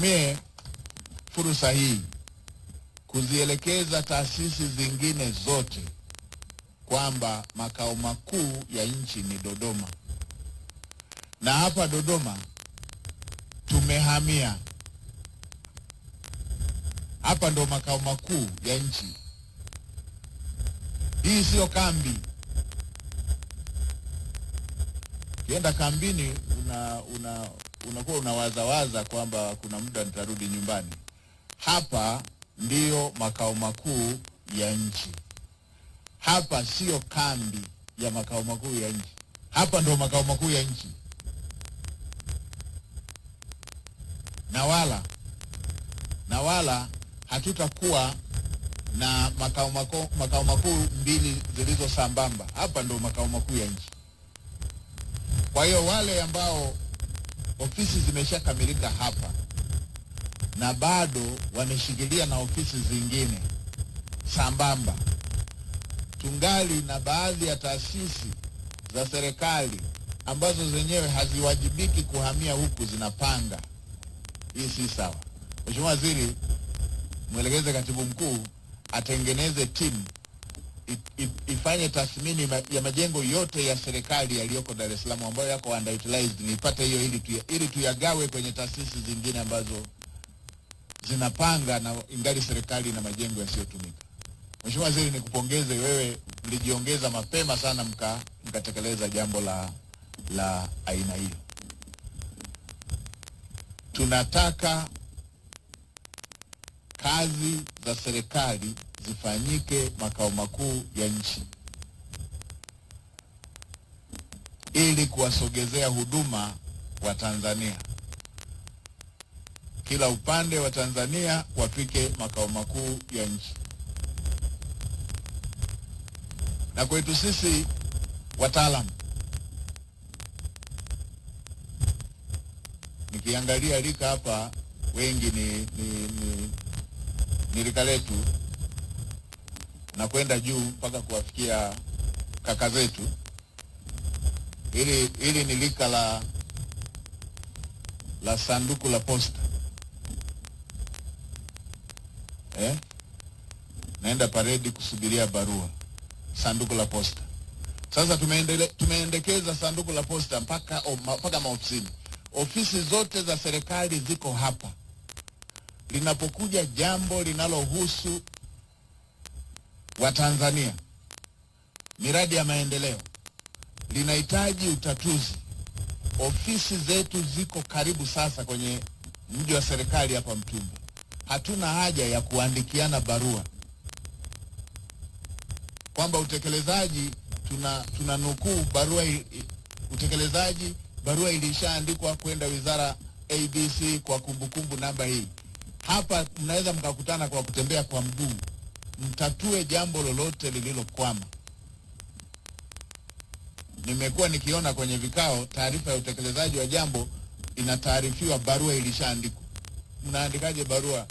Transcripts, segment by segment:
nitumie fursa hii kuzielekeza taasisi zingine zote kwamba makao makuu ya nchi ni Dodoma, na hapa Dodoma tumehamia. Hapa ndo makao makuu ya nchi. Hii sio kambi. Ukienda kambini una, una unakuwa unawazawaza kwamba kuna muda nitarudi nyumbani. Hapa ndiyo makao makuu ya nchi. Hapa sio kambi ya makao makuu ya nchi. Hapa ndo makao makuu ya nchi, na wala na wala hatutakuwa na makao makuu, makao makuu mbili zilizo sambamba. Hapa ndo makao makuu ya nchi. Kwa hiyo wale ambao ofisi zimeshakamilika hapa na bado wameshikilia na ofisi zingine sambamba. Tungali na baadhi ya taasisi za serikali ambazo zenyewe haziwajibiki kuhamia huku zinapanga. Hii si sawa. Mheshimiwa Waziri, mwelekeze katibu mkuu atengeneze timu ifanye tathmini ya majengo yote ya serikali yaliyoko Dar es Salaam ambayo yako underutilized, nipate hiyo ili tuya, ili tuyagawe kwenye taasisi zingine ambazo zinapanga na ingali serikali na majengo yasiyotumika. Mheshimiwa Waziri, nikupongeze wewe, mlijiongeza mapema sana mka mkatekeleza jambo la la aina hiyo. Tunataka kazi za serikali zifanyike makao makuu ya nchi ili kuwasogezea huduma wa Tanzania. Kila upande wa Tanzania wafike makao makuu ya nchi. Na kwetu sisi wataalamu nikiangalia lika hapa wengi ni, ni, ni, ni letu na kwenda juu mpaka kuwafikia kaka zetu. Hili hili ni lika la la sanduku la posta eh? Naenda paredi kusubiria barua, sanduku la posta. Sasa tumeendele, tumeendekeza sanduku la posta mpaka mpaka maofisini. Ofisi zote za serikali ziko hapa. Linapokuja jambo linalohusu wa Tanzania, miradi ya maendeleo linahitaji utatuzi. Ofisi zetu ziko karibu sasa kwenye mji wa serikali hapa Mtumba. Hatuna haja ya kuandikiana barua kwamba utekelezaji tuna, tuna nukuu barua utekelezaji barua ilishaandikwa kwenda wizara ABC kwa kumbukumbu namba hii. Hapa mnaweza mkakutana kwa kutembea kwa mguu mtatue jambo lolote lililokwama. Nimekuwa nikiona kwenye vikao, taarifa ya utekelezaji wa jambo inataarifiwa, barua ilishaandikwa. Mnaandikaje barua?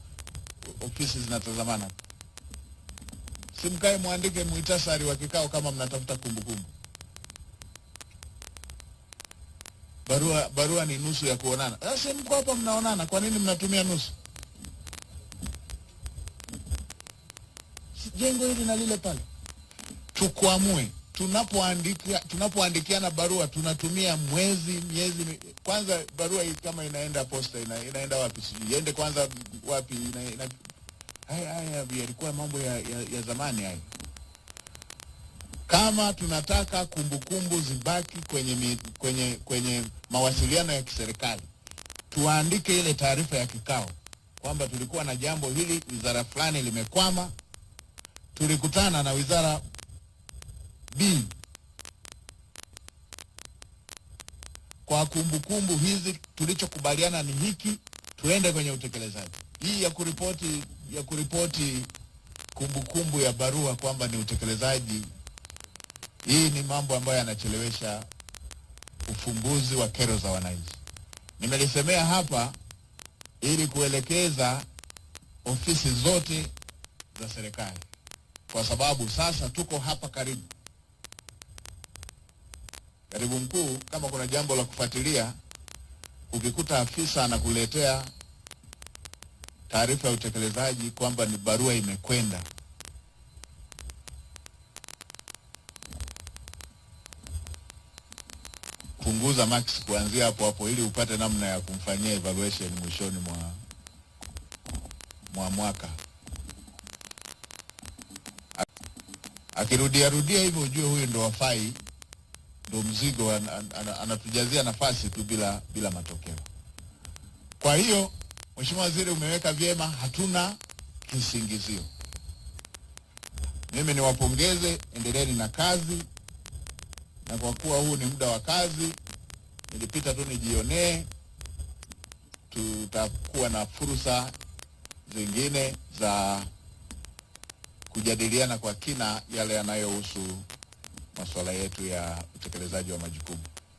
Ofisi zinatazamana, simkae mwandike muhtasari wa kikao kama mnatafuta kumbukumbu. Barua barua ni nusu ya kuonana. Sasa mko hapa mnaonana, kwa nini mnatumia nusu? jengo hili na lile pale, tukwamue tunapoandikia tunapoandikiana barua tunatumia mwezi miezi mi... kwanza barua hii kama inaenda posta ina, inaenda wapi sijui iende kwanza wapi ina, ina... haya haya yalikuwa mambo ya, ya, ya zamani haya. kama tunataka kumbukumbu kumbu zibaki kwenye, mi, kwenye, kwenye mawasiliano ya kiserikali tuandike ile taarifa ya kikao kwamba tulikuwa na jambo hili wizara fulani limekwama tulikutana na wizara B kwa kumbukumbu kumbu hizi, tulichokubaliana ni hiki, tuende kwenye utekelezaji. Hii ya kuripoti ya kuripoti kumbukumbu ya barua kwamba ni utekelezaji, hii ni mambo ambayo yanachelewesha ufumbuzi wa kero za wananchi. Nimelisemea hapa ili kuelekeza ofisi zote za serikali kwa sababu sasa tuko hapa karibu. Katibu mkuu, kama kuna jambo la kufuatilia, ukikuta afisa anakuletea taarifa ya utekelezaji kwamba ni barua imekwenda, punguza max kuanzia hapo hapo, ili upate namna ya kumfanyia evaluation mwishoni mwa, mwa mwaka. Akirudia rudia hivyo, ujue huyu ndo wafai, ndo mzigo an, an, an, anatujazia nafasi tu bila, bila matokeo. Kwa hiyo Mheshimiwa Waziri, umeweka vyema, hatuna kisingizio. Mimi niwapongeze, endeleeni na kazi, na kwa kuwa huu ni muda wa kazi, nilipita tu nijionee. Tutakuwa na fursa zingine za kujadiliana kwa kina yale yanayohusu masuala yetu ya utekelezaji wa majukumu.